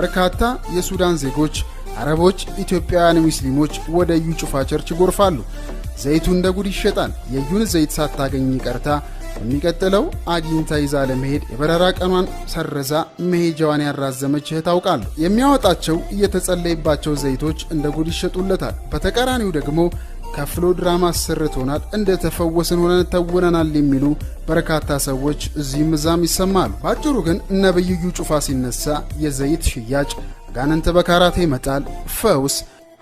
በርካታ የሱዳን ዜጎች፣ አረቦች፣ ኢትዮጵያውያን ሙስሊሞች ወደ እዩ ጩፋ ቸርች ይጎርፋሉ። ዘይቱ እንደ ጉድ ይሸጣል። የዩን ዘይት ሳታገኝ ቀርታ የሚቀጥለው አግኝታ ይዛ ለመሄድ የበረራ ቀኗን ሰረዛ መሄጃዋን ያራዘመች እህት አውቃለሁ። የሚያወጣቸው እየተጸለይባቸው ዘይቶች እንደ ጉድ ይሸጡለታል። በተቃራኒው ደግሞ ከፍሎ ድራማ አሰርቶናል፣ እንደ ተፈወስን ሆነን ተውነናል የሚሉ በርካታ ሰዎች እዚህም እዛም ይሰማሉ። ባጭሩ ግን ነብዩ ኢዩ ጩፋ ሲነሳ የዘይት ሽያጭ፣ አጋንንት በካራቴ መጣል፣ ፈውስ፣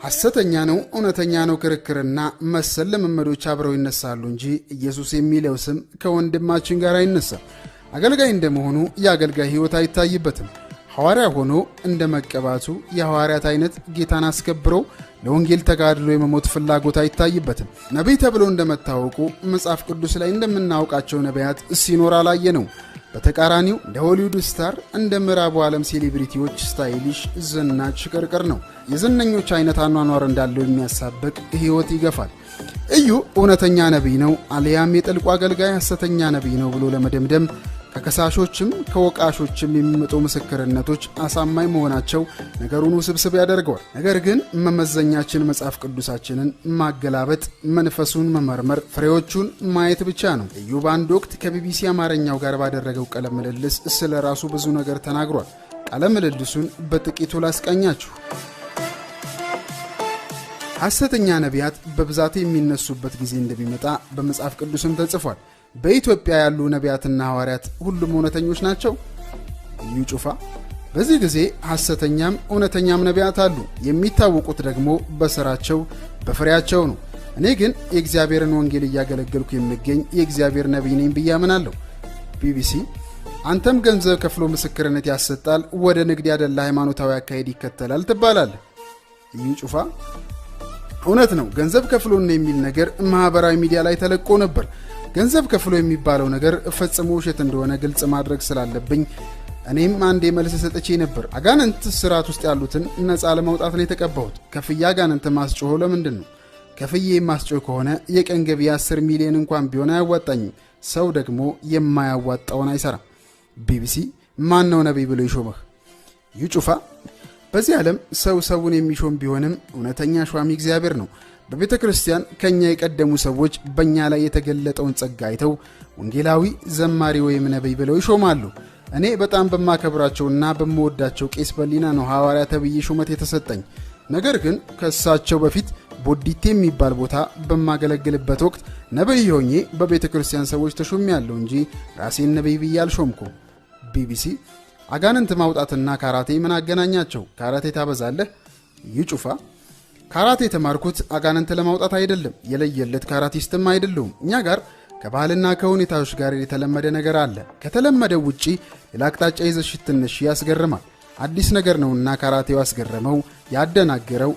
ሐሰተኛ ነው እውነተኛ ነው ክርክርና መሰል ልምምዶች አብረው ይነሳሉ እንጂ ኢየሱስ የሚለው ስም ከወንድማችን ጋር አይነሳም። አገልጋይ እንደመሆኑ የአገልጋይ ሕይወት አይታይበትም። ሐዋርያ ሆኖ እንደ መቀባቱ የሐዋርያት አይነት ጌታን አስከብሮ ለወንጌል ተጋድሎ የመሞት ፍላጎት አይታይበትም። ነቢይ ተብሎ እንደመታወቁ መጽሐፍ ቅዱስ ላይ እንደምናውቃቸው ነቢያት ሲኖር አላየ ነው። በተቃራኒው እንደ ሆሊውድ ስታር እንደ ምዕራቡ ዓለም ሴሌብሪቲዎች ስታይሊሽ፣ ዝናች፣ ሽቅርቅር ነው። የዝነኞች አይነት አኗኗር እንዳለው የሚያሳብቅ ሕይወት ይገፋል። እዩ እውነተኛ ነቢይ ነው አሊያም የጥልቁ አገልጋይ ሐሰተኛ ነቢይ ነው ብሎ ለመደምደም ከከሳሾችም ከወቃሾችም የሚመጡ ምስክርነቶች አሳማኝ መሆናቸው ነገሩን ውስብስብ ያደርገዋል። ነገር ግን መመዘኛችን መጽሐፍ ቅዱሳችንን ማገላበጥ፣ መንፈሱን መመርመር፣ ፍሬዎቹን ማየት ብቻ ነው። ኢዮብ በአንድ ወቅት ከቢቢሲ አማርኛው ጋር ባደረገው ቃለ ምልልስ ስለ ራሱ ብዙ ነገር ተናግሯል። ቃለ ምልልሱን በጥቂቱ ላስቃኛችሁ። ሐሰተኛ ነቢያት በብዛት የሚነሱበት ጊዜ እንደሚመጣ በመጽሐፍ ቅዱስም ተጽፏል። በኢትዮጵያ ያሉ ነቢያትና ሐዋርያት ሁሉም እውነተኞች ናቸው? እዩ ጩፋ በዚህ ጊዜ ሐሰተኛም እውነተኛም ነቢያት አሉ። የሚታወቁት ደግሞ በሥራቸው በፍሬያቸው ነው። እኔ ግን የእግዚአብሔርን ወንጌል እያገለገልኩ የሚገኝ የእግዚአብሔር ነቢይ ነኝ ብዬ አምናለሁ። ቢቢሲ አንተም ገንዘብ ከፍሎ ምስክርነት ያሰጣል፣ ወደ ንግድ ያደላ ሃይማኖታዊ አካሄድ ይከተላል ትባላለህ። እዩ ጩፋ እውነት ነው ገንዘብ ከፍሎን የሚል ነገር ማህበራዊ ሚዲያ ላይ ተለቆ ነበር። ገንዘብ ከፍሎ የሚባለው ነገር ፈጽሞ ውሸት እንደሆነ ግልጽ ማድረግ ስላለብኝ እኔም አንድ መልስ ሰጥቼ ነበር። አጋንንት ስርዓት ውስጥ ያሉትን ነፃ ለማውጣት ነው የተቀባሁት። ከፍዬ አጋንንት ማስጮሆ ለምንድን ነው? ከፍዬ የማስጮህ ከሆነ የቀን ገቢ 10 ሚሊዮን እንኳን ቢሆን አያዋጣኝም። ሰው ደግሞ የማያዋጣውን አይሰራም። ቢቢሲ ማን ነው ነቢይ ብሎ ይሾመህ? ይጩፋ በዚህ ዓለም ሰው ሰውን የሚሾም ቢሆንም እውነተኛ ሿሚ እግዚአብሔር ነው። በቤተ ክርስቲያን ከእኛ የቀደሙ ሰዎች በእኛ ላይ የተገለጠውን ጸጋ አይተው ወንጌላዊ፣ ዘማሪ ወይም ነቢይ ብለው ይሾማሉ። እኔ በጣም በማከብራቸውና በምወዳቸው ቄስ በሊና ነው ሐዋርያ ተብዬ ሹመት የተሰጠኝ። ነገር ግን ከእሳቸው በፊት ቦዲቴ የሚባል ቦታ በማገለግልበት ወቅት ነቢይ ሆኜ በቤተ ክርስቲያን ሰዎች ተሾሜያለሁ እንጂ ራሴን ነቢይ ብዬ አልሾምኩም። ቢቢሲ አጋንንት ማውጣትና ካራቴ ምን አገናኛቸው? ካራቴ ታበዛለህ? ይጩፋ ካራቴ የተማርኩት አጋንንት ለማውጣት አይደለም። የለየለት ካራቲስትም አይደለሁም። እኛ ጋር ከባህልና ከሁኔታዎች ጋር የተለመደ ነገር አለ። ከተለመደው ውጪ ሌላ አቅጣጫ ይዘሽ ትንሽ ያስገርማል። አዲስ ነገር ነውና ካራቴው አስገረመው፣ ያደናገረው፣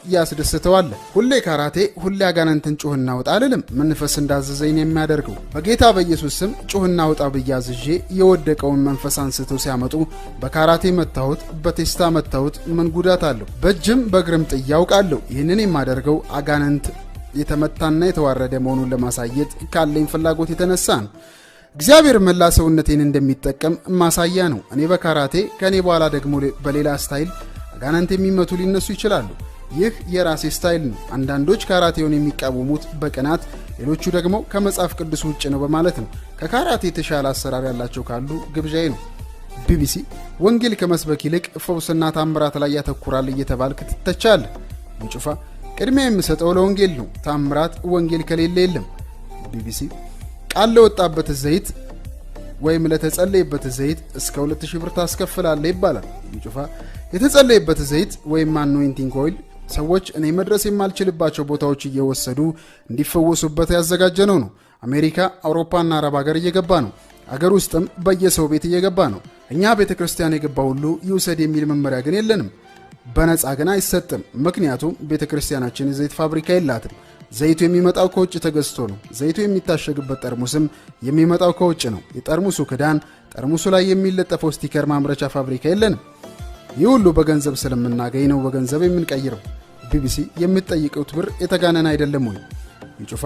አለ። ሁሌ ካራቴ ሁሌ አጋንንትን ጩህና ውጣ አልልም፣ መንፈስ እንዳዘዘኝ የሚያደርገው በጌታ በኢየሱስ ስም ጩህና ውጣ ብዬ አዝዤ የወደቀውን መንፈስ አንስተው ሲያመጡ በካራቴ መታሁት፣ በቴስታ መታሁት። ምን ጉዳት አለው? በእጅም በእግርም ጥያ አውቃለሁ። ይህንን የማደርገው አጋንንት የተመታና የተዋረደ መሆኑን ለማሳየት ካለኝ ፍላጎት የተነሳ ነው። እግዚአብሔር መላ ሰውነቴን እንደሚጠቀም ማሳያ ነው። እኔ በካራቴ ከእኔ በኋላ ደግሞ በሌላ ስታይል አጋናንት የሚመቱ ሊነሱ ይችላሉ። ይህ የራሴ ስታይል ነው። አንዳንዶች ካራቴውን የሚቃወሙት በቅናት ሌሎቹ ደግሞ ከመጽሐፍ ቅዱስ ውጭ ነው በማለት ነው። ከካራቴ የተሻለ አሰራር ያላቸው ካሉ ግብዣዬ ነው። ቢቢሲ ወንጌል ከመስበክ ይልቅ ፈውስና ታምራት ላይ ያተኩራል እየተባልክ ትተቻለህ። ምንጩፋ ቅድሚያ የምሰጠው ለወንጌል ነው። ታምራት ወንጌል ከሌለ የለም። ቢቢሲ ቃል ለወጣበት ዘይት ወይም ለተጸለየበት ዘይት እስከ 2000 ብር ታስከፍላለ ይባላል። ጩፋ የተጸለየበት ዘይት ወይም አኖይንቲንግ ኦይል ሰዎች እኔ መድረስ የማልችልባቸው ቦታዎች እየወሰዱ እንዲፈወሱበት ያዘጋጀ ነው ነው አሜሪካ፣ አውሮፓና አረብ ሀገር እየገባ ነው። አገር ውስጥም በየሰው ቤት እየገባ ነው። እኛ ቤተ ክርስቲያን የገባ ሁሉ ይውሰድ የሚል መመሪያ ግን የለንም። በነፃ ግን አይሰጥም። ምክንያቱም ቤተ ክርስቲያናችን ዘይት ፋብሪካ የላትም። ዘይቱ የሚመጣው ከውጭ ተገዝቶ ነው። ዘይቱ የሚታሸግበት ጠርሙስም የሚመጣው ከውጭ ነው። የጠርሙሱ ክዳን፣ ጠርሙሱ ላይ የሚለጠፈው ስቲከር ማምረቻ ፋብሪካ የለንም። ይህ ሁሉ በገንዘብ ስለምናገኝ ነው በገንዘብ የምንቀይረው። ቢቢሲ የምትጠይቁት ብር የተጋነን አይደለም ወይ? ይጩፋ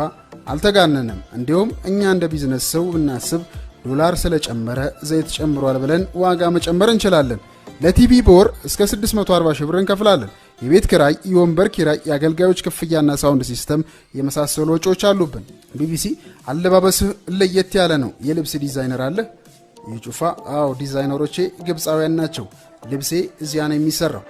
አልተጋነንም። እንዲሁም እኛ እንደ ቢዝነስ ሰው ብናስብ ዶላር ስለጨመረ ዘይት ጨምሯል ብለን ዋጋ መጨመር እንችላለን። ለቲቪ በወር እስከ 640 ሺህ ብር እንከፍላለን። የቤት ክራይ የወንበር ኪራይ፣ የአገልጋዮች ክፍያና ሳውንድ ሲስተም የመሳሰሉ ወጪዎች አሉብን። ቢቢሲ አለባበስህ ለየት ያለ ነው፣ የልብስ ዲዛይነር አለህ? ይህ ጩፋ አዎ፣ ዲዛይነሮቼ ግብፃውያን ናቸው። ልብሴ እዚያ ነው የሚሰራው።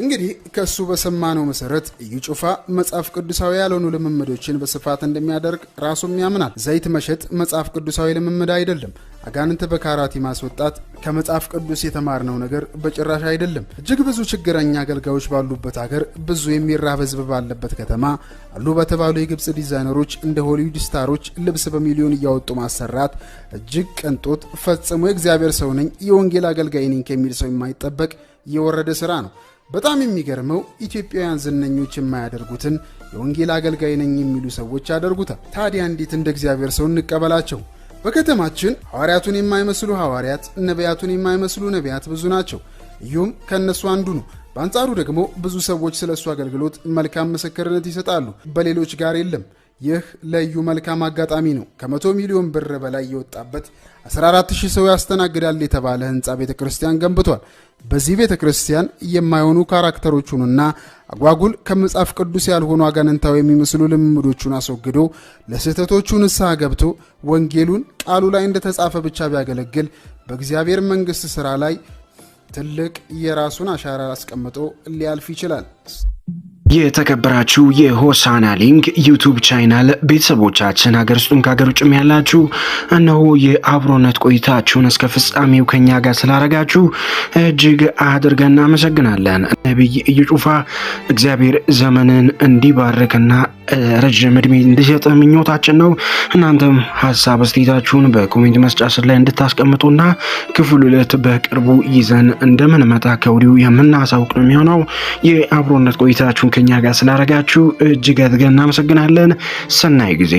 እንግዲህ ከእሱ በሰማነው መሰረት እዩ ጩፋ መጽሐፍ ቅዱሳዊ ያልሆኑ ልምምዶችን በስፋት እንደሚያደርግ ራሱም ያምናል። ዘይት መሸጥ መጽሐፍ ቅዱሳዊ ልምምድ አይደለም። አጋንንት በካራቲ ማስወጣት ከመጽሐፍ ቅዱስ የተማርነው ነገር በጭራሽ አይደለም። እጅግ ብዙ ችግረኛ አገልጋዮች ባሉበት ሀገር፣ ብዙ የሚራብ ህዝብ ባለበት ከተማ አሉ በተባሉ የግብፅ ዲዛይነሮች እንደ ሆሊውድ ስታሮች ልብስ በሚሊዮን እያወጡ ማሰራት እጅግ ቅንጦት፣ ፈጽሞ የእግዚአብሔር ሰው ነኝ የወንጌል አገልጋይ ነኝ ከሚል ሰው የማይጠበቅ የወረደ ስራ ነው። በጣም የሚገርመው ኢትዮጵያውያን ዝነኞች የማያደርጉትን የወንጌል አገልጋይ ነኝ የሚሉ ሰዎች ያደርጉታል። ታዲያ እንዴት እንደ እግዚአብሔር ሰው እንቀበላቸው? በከተማችን ሐዋርያቱን የማይመስሉ ሐዋርያት፣ ነቢያቱን የማይመስሉ ነቢያት ብዙ ናቸው። እዩም ከእነሱ አንዱ ነው። በአንጻሩ ደግሞ ብዙ ሰዎች ስለ እሱ አገልግሎት መልካም ምስክርነት ይሰጣሉ፣ በሌሎች ጋር የለም። ይህ ለዩ መልካም አጋጣሚ ነው። ከ100 ሚሊዮን ብር በላይ የወጣበት 14000 ሰው ያስተናግዳል የተባለ ህንፃ ቤተ ክርስቲያን ገንብቷል። በዚህ ቤተ ክርስቲያን የማይሆኑ ካራክተሮቹንና አጓጉል ከመጽሐፍ ቅዱስ ያልሆኑ አጋንንታዊ የሚመስሉ ልምምዶቹን አስወግዶ ለስህተቶቹ ንስሐ ገብቶ ወንጌሉን ቃሉ ላይ እንደተጻፈ ብቻ ቢያገለግል በእግዚአብሔር መንግሥት ሥራ ላይ ትልቅ የራሱን አሻራ አስቀምጦ ሊያልፍ ይችላል። የተከበራችሁ የሆሳና ሊንክ ዩቱብ ቻይናል ቤተሰቦቻችን ሀገር ውስጡም ከሀገር ውጭም ያላችሁ እነሆ የአብሮነት ቆይታችሁን እስከ ፍጻሜው ከኛ ጋር ስላረጋችሁ እጅግ አድርገን እናመሰግናለን። ነቢይ ኢዩ ጩፋ እግዚአብሔር ዘመንን እንዲባርክና ረዥም እድሜ እንዲሰጥ ምኞታችን ነው። እናንተም ሀሳብ አስተያየታችሁን በኮሜንት መስጫ ስር ላይ እንድታስቀምጡና ክፍል ሁለት በቅርቡ ይዘን እንደምንመጣ ከወዲሁ የምናሳውቅ ነው የሚሆነው የአብሮነት ቆይታችሁን ከኛ ጋር ስላደረጋችሁ እጅግ አድርገን እናመሰግናለን። ሰናይ ጊዜ